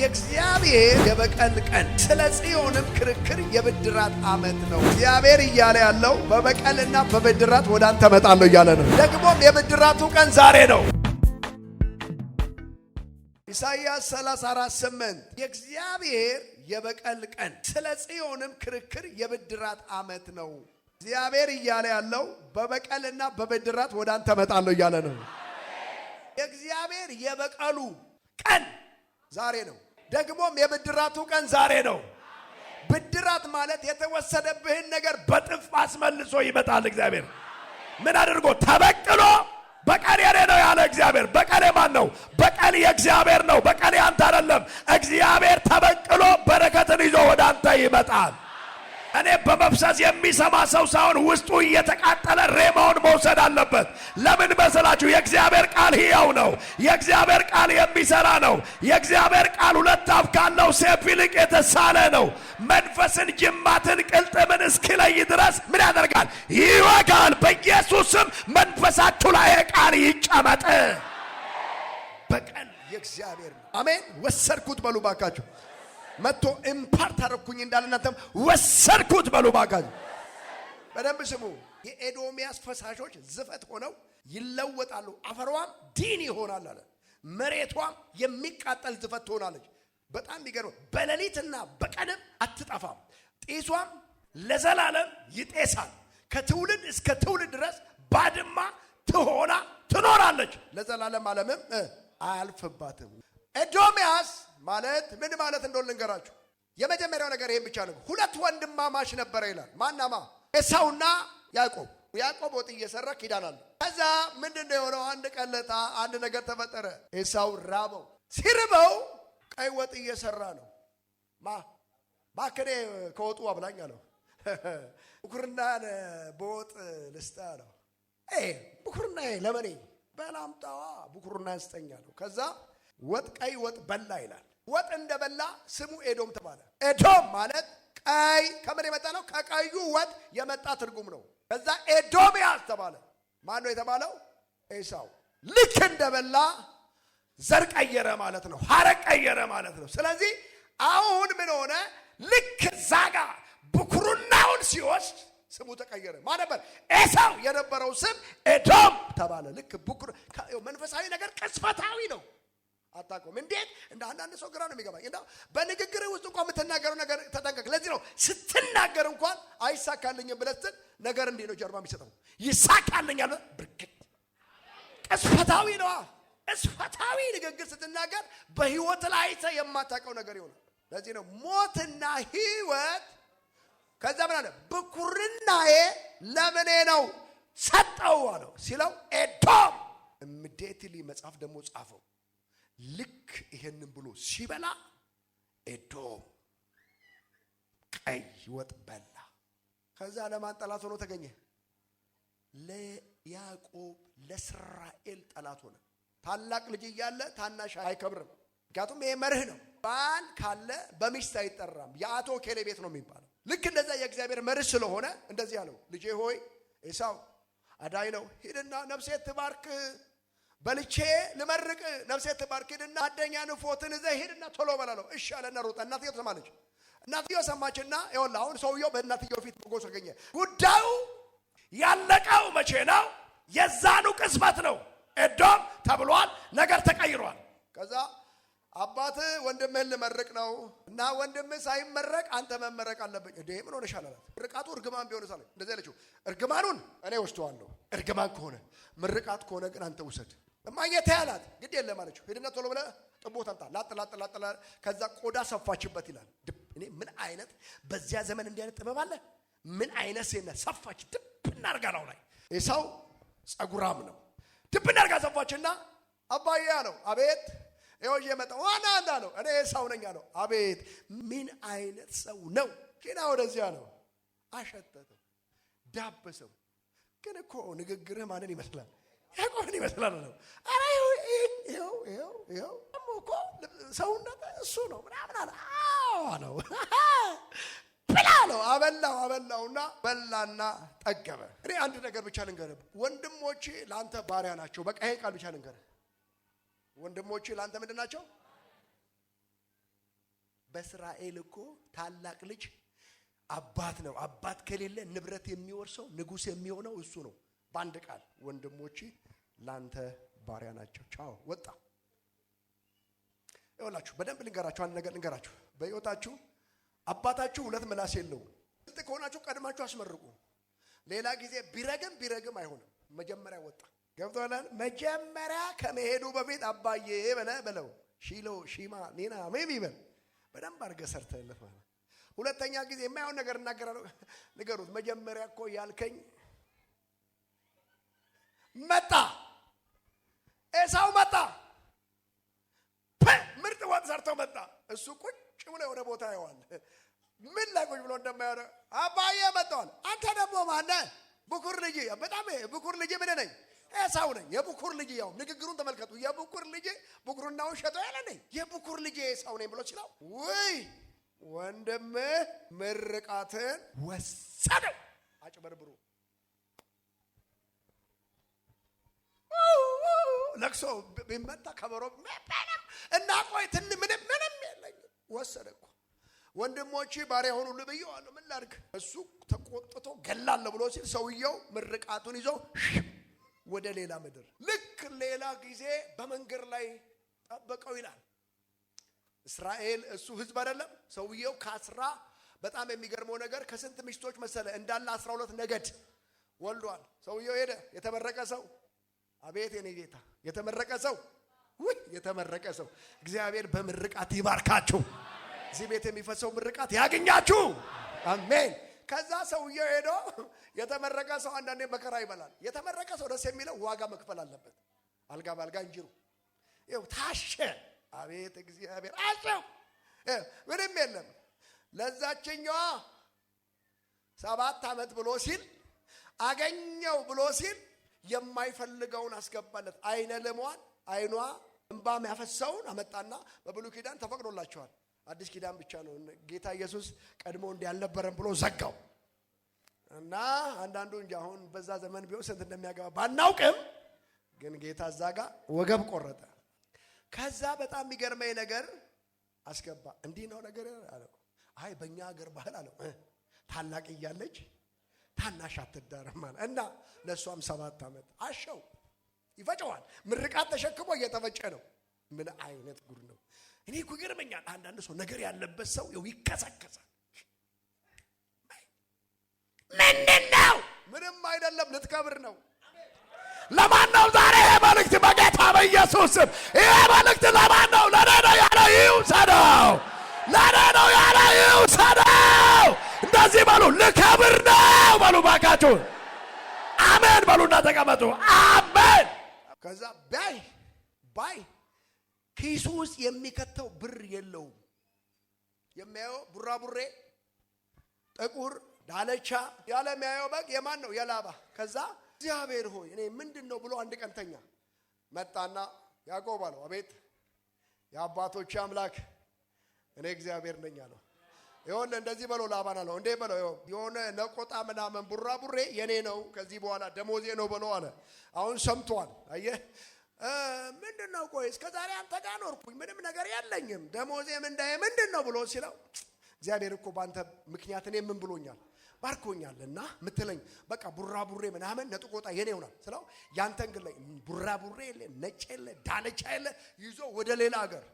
የእግዚአብሔር የበቀል ቀን ስለ ጽዮንም ክርክር የብድራት ዓመት ነው። እግዚአብሔር እያለ ያለው በበቀልና በብድራት ወደ አንተ እመጣለሁ እያለ ነው። ደግሞም የብድራቱ ቀን ዛሬ ነው። ኢሳይያስ 34:8 የእግዚአብሔር የበቀል ቀን ስለ ጽዮንም ክርክር የብድራት ዓመት ነው። እግዚአብሔር እያለ ያለው በበቀልና በብድራት ወደ አንተ እመጣለሁ እያለ ነው። የእግዚአብሔር የበቀሉ ቀን ዛሬ ነው። ደግሞም የብድራቱ ቀን ዛሬ ነው። ብድራት ማለት የተወሰደብህን ነገር በጥፍ አስመልሶ ይመጣል። እግዚአብሔር ምን አድርጎ ተበቅሎ በቀል የኔ ነው ያለ እግዚአብሔር። በቀል የማን ነው? በቀል የእግዚአብሔር ነው። በቀል ያንተ አይደለም። እግዚአብሔር ተበቅሎ በረከትን ይዞ ወደ አንተ ይመጣል። እኔ በመፍሰስ የሚሰማ ሰው ሳይሆን ውስጡ እየተቃጠለ ሬማውን መውሰድ አለበት። ለምን መሰላችሁ? የእግዚአብሔር ቃል ሕያው ነው። የእግዚአብሔር ቃል የሚሰራ ነው። የእግዚአብሔር ቃል ሁለት አፍ ካለው ሴፍ ይልቅ የተሳለ ነው። መንፈስን፣ ጅማትን፣ ቅልጥምን እስኪለይ ድረስ ምን ያደርጋል? ይወጋል። በኢየሱስም መንፈሳችሁ ላይ ቃል ይጨመጥ። በቀል የእግዚአብሔር አሜን። ወሰድኩት በሉ ባካችሁ መጥቶ ኢምፓርት አደረኩኝ እንዳለ እናንተም ወሰድኩት በሉ ባካዝ። በደንብ ስሙ። የኤዶሚያስ ፈሳሾች ዝፈት ሆነው ይለወጣሉ፣ አፈሯም ዲን ይሆናል አለ። መሬቷም የሚቃጠል ዝፈት ትሆናለች። በጣም የሚገርም በሌሊትና በቀንም አትጠፋም። ጢሷም ለዘላለም ይጤሳል። ከትውልድ እስከ ትውልድ ድረስ ባድማ ትሆና ትኖራለች። ለዘላለም ዓለምም አያልፍባትም። ኤዶሚያስ ማለት ምን ማለት እንደሆነ ልንገራችሁ። የመጀመሪያው ነገር ይሄን ብቻ ነው። ሁለት ወንድማማች ነበረ ይላል። ማናማ ኤሳውና ያዕቆብ። ያዕቆብ ወጥ እየሰራ ኪዳን አለ። ከዛ ምንድን ነው የሆነው? አንድ ቀለጣ አንድ ነገር ተፈጠረ። ኤሳው ራበው። ሲርበው ቀይ ወጥ እየሰራ ነው። ማ ባከኔ ከወጡ አብላኝ አለው። ብኩርናን በወጥ ልስጠ አለው። ብኩርና ለመኔ በላምጣዋ ብኩርና ያስጠኛለሁ። ከዛ ወጥ ቀይ ወጥ በላ ይላል። ወጥ እንደ በላ ስሙ ኤዶም ተባለ። ኤዶም ማለት ቀይ ከምን የመጣ ነው? ከቀዩ ወጥ የመጣ ትርጉም ነው። ከዛ ኤዶምያስ ተባለ። ማን ነው የተባለው? ኤሳው። ልክ እንደ በላ ዘር ቀየረ ማለት ነው። ሀረግ ቀየረ ማለት ነው። ስለዚህ አሁን ምን ሆነ? ልክ ዛጋ ብኩርናውን ሲወስድ ስሙ ተቀየረ። ማ ነበር? ኤሳው የነበረው ስም ኤዶም ተባለ። ልክ ብኩር መንፈሳዊ ነገር ቅስፈታዊ ነው። አታቆም። እንዴት እንደ አንዳንድ ሰው ግራ ነው የሚገባኝ። እና በንግግር ውስጥ እንኳን የምትናገረው ነገር ተጠንቀቅ። ለዚህ ነው ስትናገር እንኳን አይሳካልኝም ብለህ ስትል ነገር እንዲህ ነው ጀርባ የሚሰጠው ይሳካልኛል። ብርክት ቅስፈታዊ ነዋ። ቅስፈታዊ ንግግር ስትናገር በህይወት ላይ አይተህ የማታውቀው ነገር ይሆናል። ለዚህ ነው ሞትና ህይወት ከዛ ምን አለ ብኩርናዬ ለምኔ ነው ሰጠው አለው ሲለው ኤዶም እምዴትሊ መጽሐፍ ደግሞ ጻፈው። ልክ ይሄንን ብሎ ሲበላ ኤዶም ቀይ ወጥ በላ። ከዛ ለማን ጠላት ሆኖ ተገኘ? ለያዕቆብ ለእስራኤል ጠላት ሆነ። ታላቅ ልጅ እያለ ታናሽ አይከብርም። ምክንያቱም ይሄ መርህ ነው። ባል ካለ በሚስት አይጠራም። የአቶ ኬሌ ቤት ነው የሚባለው። ልክ እንደዛ የእግዚአብሔር መርህ ስለሆነ እንደዚህ አለው፣ ልጄ ሆይ ኤሳው አዳይ ነው፣ ሂድና ነፍሴ ትባርክ በልቼ ልመርቅ ነፍሴ ትባርክድና አደኛ ንፎትን እዘህ ሂድና ቶሎ በላለው። እሺ አለና ሮጠ። እናትየው ተሰማለች። እናትየው ሰማችና ይኸውልህ አሁን ሰውየው በእናትየው ፊት ሞገስ አገኘ። ጉዳዩ ያለቀው መቼ ነው? የዛኑ ቅጽበት ነው። ኤዶም ተብሏል። ነገር ተቀይሯል። ከዛ አባት ወንድምህን ልመርቅ ነው እና ወንድምህ ሳይመረቅ አንተ መመረቅ አለብኝ። እንዴ ምን ሆነሻል አላት። ምርቃቱ እርግማን ቢሆን ሳለ እንደዚህ ያለችው እርግማኑን እኔ ወስደዋለሁ። እርግማን ከሆነ ምርቃት ከሆነ ግን አንተ ውሰድ። እማጌታ ያላት ግድ የለም አለችው። ሄድና ቶሎ ብለህ ጥቦት አምጣ ላጥ ላጥ ላጥ ላጥ። ከዛ ቆዳ ሰፋችበት ይላል። እኔ ምን አይነት በዚያ ዘመን እንዲህ አይነት ጥበብ አለ? ምን አይነት ሴነ ሰፋች፣ ድብ እናርጋ ነው ላይ ኤሳው ጸጉራም ነው። ድብ እናርጋ ሰፋችና አባዬ አለው። አቤት ይኸው እየመጣ ዋና አንዳ ነው። እኔ ኤሳው ነኝ አለው። አቤት ምን አይነት ሰው ነው? ኪና ወደዚያ ነው። አሸተተው፣ ዳበሰው። ግን እኮ ንግግርህ ማንን ይመስላል? ያዕቆብን ይመስላል ነው። ኧረ ይኸው እኮ ሰውነት እሱ ነው ምናምን አለ። አዎ አለው፣ ብላ ነው አበላው አበላውና በላና ጠገበ። እኔ አንድ ነገር ብቻ ልንገርህ፣ ወንድሞቼ ለአንተ ባሪያ ናቸው። በቃ ይሄ ቃል ብቻ ልንገርህ፣ ወንድሞቼ ለአንተ ምንድን ናቸው? በእስራኤል እኮ ታላቅ ልጅ አባት ነው። አባት ከሌለ ንብረት የሚወርሰው ንጉሥ የሚሆነው እሱ ነው። በአንድ ቃል ወንድሞቼ ላንተ ባሪያ ናቸው። ቻው ወጣ። ይኸውላችሁ በደንብ ልንገራችሁ፣ አንድ ነገር ልንገራችሁ። በሕይወታችሁ አባታችሁ ሁለት ምላስ የለውም። ግልጥ ከሆናችሁ ቀድማችሁ አስመርቁ። ሌላ ጊዜ ቢረግም ቢረግም አይሆንም። መጀመሪያ ወጣ ገብቶላል። መጀመሪያ ከመሄዱ በፊት አባዬ በለ በለው ሺሎ ሺማ ኒና ሜም ይበል። በደንብ አድርገ ሰርተለት ማለት ሁለተኛ ጊዜ የማይሆን ነገር እናገራለ ንገሩት። መጀመሪያ እኮ ያልከኝ መጣ ኤሳው መጣ። ምርጥ ወጥ ሰርቶ መጣ። እሱ ቁጭ ብሎ የሆነ ቦታ ይዋል ምን ላይ ቁጭ ብሎ እንደማይሆነ አባዬ መጣዋል። አንተ ደግሞ ማነ? ብኩር ልጅ በጣም ብኩር ልጅ ምን ነኝ? ኤሳው ነኝ። የብኩር ልጅ ያው ንግግሩን ተመልከቱ። የብኩር ልጅ ብኩርናውን ሸጦ ያለ ነኝ። የብኩር ልጅ ኤሳው ነኝ ብሎ ሲለው ውይ ወንድም ምርቃትን ወሰደው አጭበርብሩ ለቅሶ ቢመታ ከበሮ ምንም እና ቆይ ትን ምንም ምንም የለኝ ወሰደ እኮ ወንድሞቼ ባሪያ ልብዬ ብዬዋለሁ። ምን ላድርግ? እሱ ተቆጥቶ ገላለሁ ብሎ ሲል ሰውየው ምርቃቱን ይዞ ወደ ሌላ ምድር ልክ ሌላ ጊዜ በመንገድ ላይ ጠበቀው ይላል። እስራኤል እሱ ህዝብ አይደለም። ሰውየው ከአስራ በጣም የሚገርመው ነገር ከስንት ሚስቶች መሰለ እንዳለ አስራ ሁለት ነገድ ወልዷል። ሰውየው ሄደ የተመረቀ ሰው አቤት የኔ ጌታ የተመረቀ ሰው ውይ የተመረቀ ሰው እግዚአብሔር በምርቃት ይባርካችሁ። እዚህ ቤት የሚፈሰው ምርቃት ያገኛችሁ። አሜን። ከዛ ሰውየው ሄዶ የተመረቀ ሰው አንዳንዴ መከራ ይበላል። የተመረቀ ሰው ደስ የሚለው ዋጋ መክፈል አለበት። አልጋ ባልጋ እንጅሩ ይኸው ታሸ። አቤት እግዚአብሔር አሸው። ምንም የለም። ለዛችኛዋ ሰባት ዓመት ብሎ ሲል አገኘው ብሎ ሲል የማይፈልገውን አስገባለት። አይነ ልሟን አይኗ እንባ ያፈሰውን አመጣና በብሉይ ኪዳን ተፈቅዶላቸዋል። አዲስ ኪዳን ብቻ ነው ጌታ ኢየሱስ ቀድሞ እንዲህ አልነበረም ብሎ ዘጋው እና አንዳንዱ እንጂ አሁን በዛ ዘመን ቢሆን ስንት እንደሚያገባ ባናውቅም፣ ግን ጌታ እዛ ጋ ወገብ ቆረጠ። ከዛ በጣም የሚገርመኝ ነገር አስገባ። እንዲህ ነው ነገር አለው። አይ በእኛ ሀገር ባህል አለው ታላቅ እያለች ታናሽ አትዳርም አለ እና ለእሷም ሰባት ዓመት አሸው ይፈጨዋል። ምርቃት ተሸክሞ እየተፈጨ ነው። ምን አይነት ጉድ ነው! እኔ እኮ ይገርመኛል። አንዳንድ ሰው ነገር ያለበት ሰው ው ይከሰከሳል። ምንድን ነው? ምንም አይደለም። ልትከብር ነው። ለማን ነው ዛሬ ይሄ መልእክት? በጌታ በኢየሱስ ይሄ መልእክት ለማን ነው? ለእኔ ነው ያለ ይውሰደው። ለእኔ ነው ያለ ይውሰደው። እንደዚህ በሉ፣ ልከብር ነው በሉ። ባካችሁ አሜን በሉና ተቀመጡ። አሜን። ከዛ ባይ ባይ ኪሱ ውስጥ የሚከተው ብር የለውም። የሚያየው ቡራቡሬ፣ ጥቁር ዳለቻ ያለ የሚያየው በግ የማን ነው? የላባ። ከዛ እግዚአብሔር ሆይ እኔ ምንድን ነው ብሎ አንድ ቀንተኛ መጣና ያዕቆብ አለው፣ አቤት የአባቶች አምላክ እኔ እግዚአብሔር ነኝ አለው። የሆነ እንደዚህ በለው ላባን ነው እንዴ በለው የሆነ ነቆጣ ምናምን ቡራቡሬ የኔ ነው ከዚህ በኋላ ደሞዜ ነው በለው አለ። አሁን ሰምቷል። አየህ ምንድን ነው ቆይ እስከ ዛሬ አንተ ጋር ኖርኩኝ ምንም ነገር የለኝም ደሞዜ ምንዳዬ ምንድን ነው ብሎ ሲለው እግዚአብሔር እኮ በአንተ ምክንያት እኔ ምን ብሎኛል ባርኮኛል እና ምትለኝ በቃ ቡራቡሬ ምናምን ነጥቆጣ የኔ ይሆናል ስለው ያንተን ግን ላይ ቡራቡሬ የለ ነጭ የለ ዳለቻ የለ ይዞ ወደ ሌላ ሀገር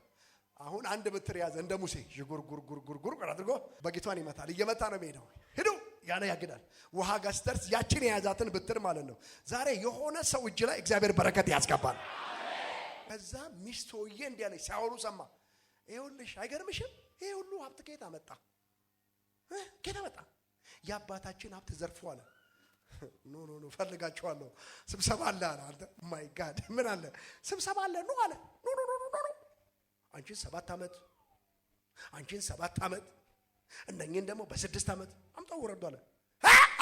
አሁን አንድ ብትር ያዘ እንደ ሙሴ ጉርጉርጉርጉርጉር አድርጎ በጌቷን ይመታል። እየመታ ነው የሚሄደው። ሂዱ ያለ ያግዳል። ውሃ ጋር ስትደርስ ያችን የያዛትን ብትር ማለት ነው። ዛሬ የሆነ ሰው እጅ ላይ እግዚአብሔር በረከት ያስገባል። ከዛ ሚስቶዬ እንዲህ አለች፣ ሲያወሩ ሰማ። ይኸውልሽ አይገርምሽም? ይሄ ሁሉ ሀብት ከየት አመጣ? ከየት አመጣ? የአባታችን ሀብት ዘርፎ አለ። ኖ ኖ ኖ ፈልጋችኋለሁ፣ ስብሰባ አለ አለ። ማይ ጋድ ምን አለ? ስብሰባ አለ ኖ አለ አንቺን ሰባት ዓመት አንቺን ሰባት ዓመት እነኝን ደግሞ በስድስት ዓመት አምጣው ውረዱ አለ።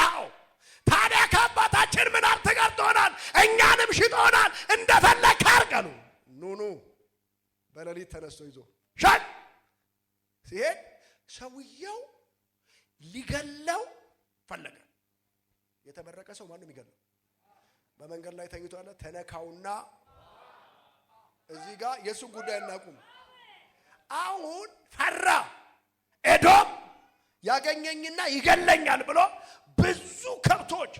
አዎ ታዲያ ከአባታችን ምን ተቀርጦናል፣ እኛንም ሽጦናል፣ እንደፈለግ አርቀሉ። ኑኑ በሌሊት ተነስቶ ይዞ ሻል ሲሄድ ሰውየው ሊገለው ፈለገ። የተመረቀ ሰው ማንም ይገለው በመንገድ ላይ ተኝቶ አለ። ተነካውና እዚህ ጋር የእሱን ጉዳይ እናቁም። አሁን ፈራ። ኤዶም ያገኘኝና ይገለኛል ብሎ ብዙ ከብቶች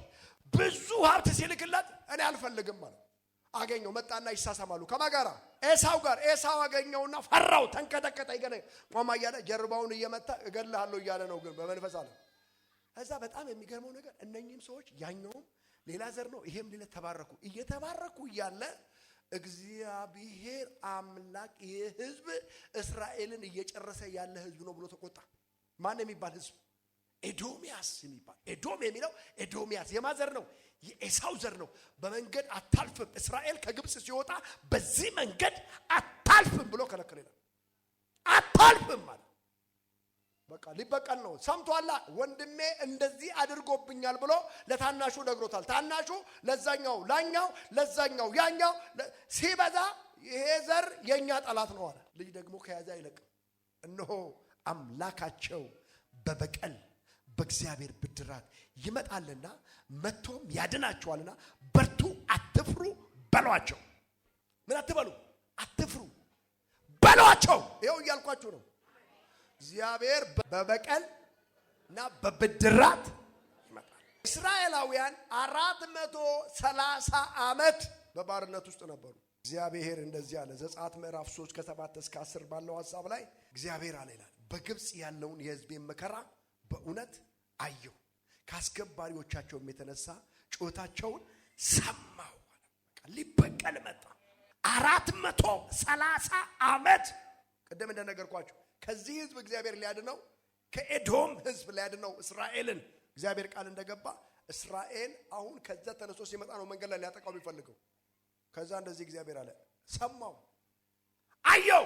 ብዙ ሀብት ሲልክላት እኔ አልፈልግም አለ። አገኘው። መጣና ይሳሳማሉ ከማ ጋራ ኤሳው ጋር ኤሳው አገኘውና ፈራው፣ ተንቀጠቀጠ። ይገለ ቆማ እያለ ጀርባውን እየመታ እገልሃለሁ እያለ ነው፣ ግን በመንፈስ አለ። እዛ በጣም የሚገርመው ነገር እነኚህም ሰዎች ያኛውም ሌላ ዘር ነው፣ ይሄም ሌላ ተባረኩ። እየተባረኩ እያለ እግዚአብሔር አምላክ ይህ ህዝብ እስራኤልን እየጨረሰ ያለ ህዝብ ነው ብሎ ተቆጣ። ማን የሚባል ህዝብ? ኤዶሚያስ የሚባል ኤዶም የሚለው ኤዶሚያስ የማዘር ነው የኤሳው ዘር ነው። በመንገድ አታልፍም፣ እስራኤል ከግብፅ ሲወጣ በዚህ መንገድ አታልፍም ብሎ ከለከለ። አታልፍም ማለት በቃ ሊበቀል ነው። ሰምቷላ ወንድሜ እንደዚህ አድርጎብኛል ብሎ ለታናሹ ነግሮታል። ታናሹ ለዛኛው፣ ላኛው ለዛኛው፣ ያኛው ሲበዛ ይሄ ዘር የእኛ ጠላት ነው አለ። ልጅ ደግሞ ከያዘ አይለቅም። እነሆ አምላካቸው በበቀል በእግዚአብሔር ብድራት ይመጣልና መጥቶም ያድናቸዋልና በርቱ፣ አትፍሩ በሏቸው። ምን አትበሉ፣ አትፍሩ በሏቸው። ይኸው እያልኳችሁ ነው። እግዚአብሔር በበቀል እና በብድራት ይመጣል። እስራኤላውያን አራት መቶ ሰላሳ ዓመት በባርነት ውስጥ ነበሩ። እግዚአብሔር እንደዚህ አለ። ዘጸአት ምዕራፍ 3 ከሰባት እስከ አስር ባለው ሀሳብ ላይ እግዚአብሔር አለ ይላል፣ በግብፅ ያለውን የህዝቤን መከራ በእውነት አየሁ፣ ከአስከባሪዎቻቸውም የተነሳ ጩኸታቸውን ሰማሁ። ሊበቀል መጣ። አራት መቶ ሰላሳ ዓመት ቅድም እንደነገርኳቸው ከዚህ ህዝብ እግዚአብሔር ሊያድነው ከኤዶም ህዝብ ሊያድነው እስራኤልን እግዚአብሔር ቃል እንደገባ እስራኤል አሁን ከዛ ተነስቶ ሲመጣ ነው መንገድ ላይ ሊያጠቃው የሚፈልገው። ከዛ እንደዚህ እግዚአብሔር አለ፣ ሰማው፣ አየው፣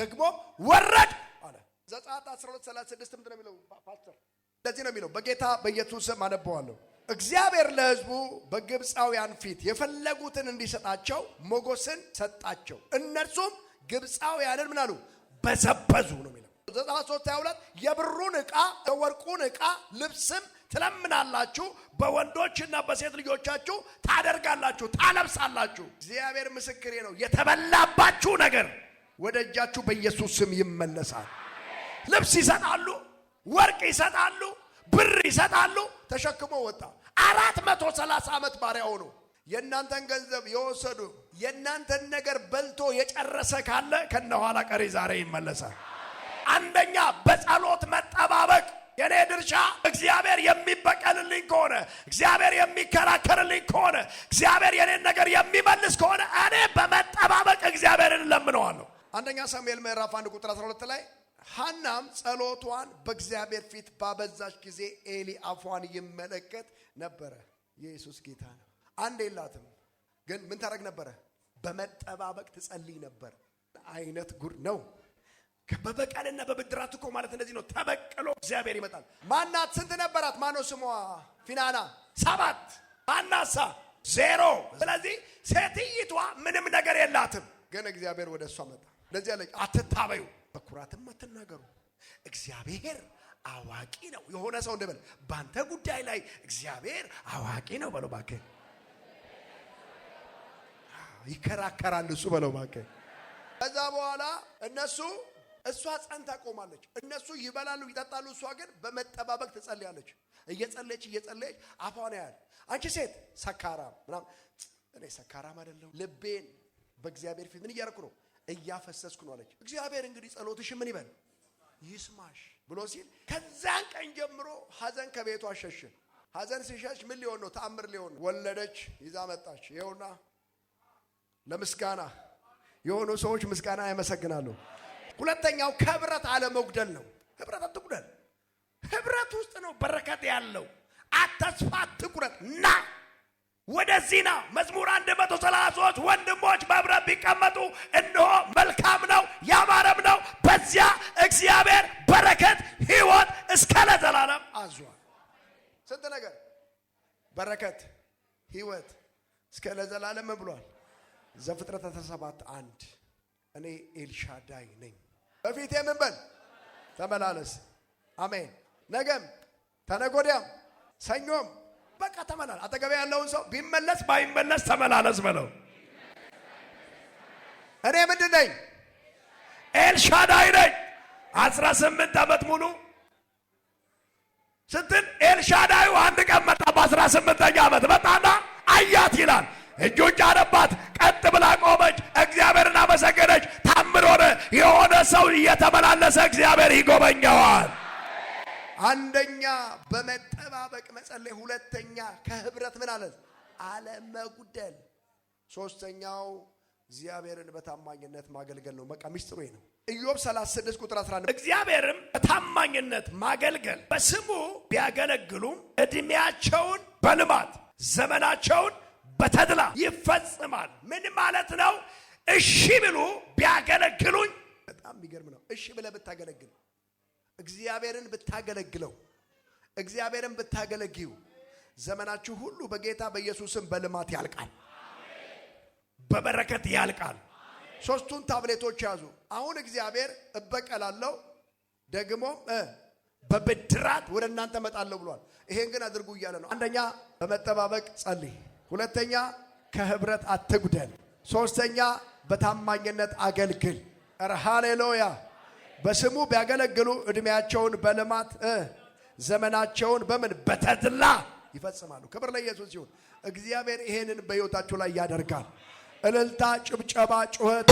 ደግሞ ወረድ አለ። ዘጸአት 36 ምንድን ነው የሚለው ፓስተር? እንደዚህ ነው የሚለው በጌታ በኢየሱስ ስም አነበዋለሁ። እግዚአብሔር ለህዝቡ በግብፃውያን ፊት የፈለጉትን እንዲሰጣቸው ሞጎስን ሰጣቸው። እነርሱም ግብፃውያንን ምን አሉ? በዘበዙ ነው የሚለው ዘጠና ሶስት ሃያ ሁለት የብሩን ዕቃ የወርቁን ዕቃ ልብስም ትለምናላችሁ በወንዶችና በሴት ልጆቻችሁ ታደርጋላችሁ፣ ታለብሳላችሁ። እግዚአብሔር ምስክሬ ነው። የተበላባችሁ ነገር ወደ እጃችሁ በኢየሱስ ስም ይመለሳል። ልብስ ይሰጣሉ፣ ወርቅ ይሰጣሉ፣ ብር ይሰጣሉ። ተሸክሞ ወጣ። አራት መቶ ሰላሳ ዓመት ባሪያ ሆነው የእናንተን ገንዘብ የወሰዱ የእናንተን ነገር በልቶ የጨረሰ ካለ ከነኋላ ቀሪ ዛሬ ይመለሳል። አንደኛ በጸሎት መጠባበቅ የኔ ድርሻ እግዚአብሔር የሚበቀልልኝ ከሆነ እግዚአብሔር የሚከራከርልኝ ከሆነ እግዚአብሔር የኔን ነገር የሚመልስ ከሆነ እኔ በመጠባበቅ እግዚአብሔርን እለምነዋለሁ። አንደኛ ሳሙኤል ምዕራፍ አንድ ቁጥር 12 ላይ ሐናም ጸሎቷን በእግዚአብሔር ፊት ባበዛች ጊዜ ኤሊ አፏን ይመለከት ነበረ። ኢየሱስ ጌታ ነው። አንድ የላትም። ግን ምን ታደርግ ነበረ? በመጠባበቅ ትጸልይ ነበር። አይነት ጉድ ነው። በበቀልና በብድራት እኮ ማለት እንደዚህ ነው። ተበቅሎ እግዚአብሔር ይመጣል። ማናት? ስንት ነበራት? ማኖ ስሟ ፊናና ሰባት አናሳ ዜሮ። ስለዚህ ሴትይቷ ምንም ነገር የላትም፣ ግን እግዚአብሔር ወደ እሷ መጣ። እንደዚህ ያለ አትታበዩ፣ በኩራትም አትናገሩ፣ እግዚአብሔር አዋቂ ነው። የሆነ ሰው እንደበለ በአንተ ጉዳይ ላይ እግዚአብሔር አዋቂ ነው በለው እባክህ ይከራከራል። እሱ በለው ማከ ከዛ በኋላ እነሱ እሷ ጸንታ ቆማለች። እነሱ ይበላሉ ይጠጣሉ፣ እሷ ግን በመጠባበቅ ትጸልያለች። እየጸለች እየጸለየች አፏን ያህል አንቺ ሴት ሰካራም ምናምን፣ እኔ ሰካራም አይደለሁ፣ ልቤን በእግዚአብሔር ፊት ምን እያደረኩ ነው? እያፈሰስኩ ነው አለች። እግዚአብሔር እንግዲህ ጸሎትሽ ምን ይበል ይስማሽ ብሎ ሲል ከዛን ቀን ጀምሮ ሀዘን ከቤቷ ሸሽ። ሀዘን ሲሸሽ ምን ሊሆን ነው? ተአምር ሊሆን ወለደች፣ ይዛ መጣች። ይኸውና ለምስጋና የሆኑ ሰዎች ምስጋና ያመሰግናሉ። ሁለተኛው ከህብረት አለመጉደል ነው። ህብረት አትጉደል። ህብረት ውስጥ ነው በረከት ያለው። አተስፋ ትኩረት ና ወደዚህ ና። መዝሙር አንድ መቶ ወንድሞች በህብረት ቢቀመጡ እነሆ መልካም ነው ያማረም ነው፣ በዚያ እግዚአብሔር በረከት ህይወት እስከ ለዘላለም አዟል። ስንት ነገር በረከት ህይወት እስከ ለዘላለም ብሏል። ዘፍጥረት 17 አንድ እኔ ኤልሻዳይ ነኝ። በፊት ምን በል ተመላለስ። አሜን። ነገም ተነጎዳም ሰኞም በቃ ተመላለስ። አጠገቤ ያለውን ሰው ቢመለስ ባይመለስ ተመላለስ በለው። እኔ ምንድን ነኝ? ኤልሻዳይ ነኝ። አስራ ስምንት ዓመት ሙሉ ስትል ኤልሻዳዩ አንድ ቀን መጣ። በአስራ ስምንተኛ ዓመት መጣና አያት ይላል እጆች አነባት፣ ቀጥ ብላ ቆመች፣ እግዚአብሔርን አመሰገነች። ታምር ሆነ። የሆነ ሰው እየተመላለሰ እግዚአብሔር ይጎበኘዋል። አንደኛ በመጠባበቅ መጸለይ፣ ሁለተኛ ከህብረት ምን አለ አለመጉደል፣ ሶስተኛው እግዚአብሔርን በታማኝነት ማገልገል ነው። በቃ ሚስጥሩ ነው። ኢዮብ 36 ቁጥር 11 እግዚአብሔርም በታማኝነት ማገልገል በስሙ ቢያገለግሉም እድሜያቸውን በልማት ዘመናቸውን በተድላ ይፈጽማል። ምን ማለት ነው? እሺ ብሉ ቢያገለግሉኝ። በጣም የሚገርም ነው። እሺ ብለህ ብታገለግል፣ እግዚአብሔርን ብታገለግለው፣ እግዚአብሔርን ብታገለግዩ፣ ዘመናችሁ ሁሉ በጌታ በኢየሱስም በልማት ያልቃል፣ በበረከት ያልቃል። ሶስቱን ታብሌቶች ያዙ። አሁን እግዚአብሔር እበቀላለሁ ደግሞ በብድራት ወደ እናንተ መጣለሁ ብሏል። ይሄን ግን አድርጉ እያለ ነው። አንደኛ በመጠባበቅ ጸልይ። ሁለተኛ ከህብረት አትጉደል። ሶስተኛ በታማኝነት አገልግል። ሃሌሉያ። በስሙ ቢያገለግሉ እድሜያቸውን በልማት ዘመናቸውን በምን በተድላ ይፈጽማሉ። ክብር ለኢየሱስ ሲሆን እግዚአብሔር ይሄንን በሕይወታችሁ ላይ ያደርጋል። እልልታ፣ ጭብጨባ፣ ጩኸት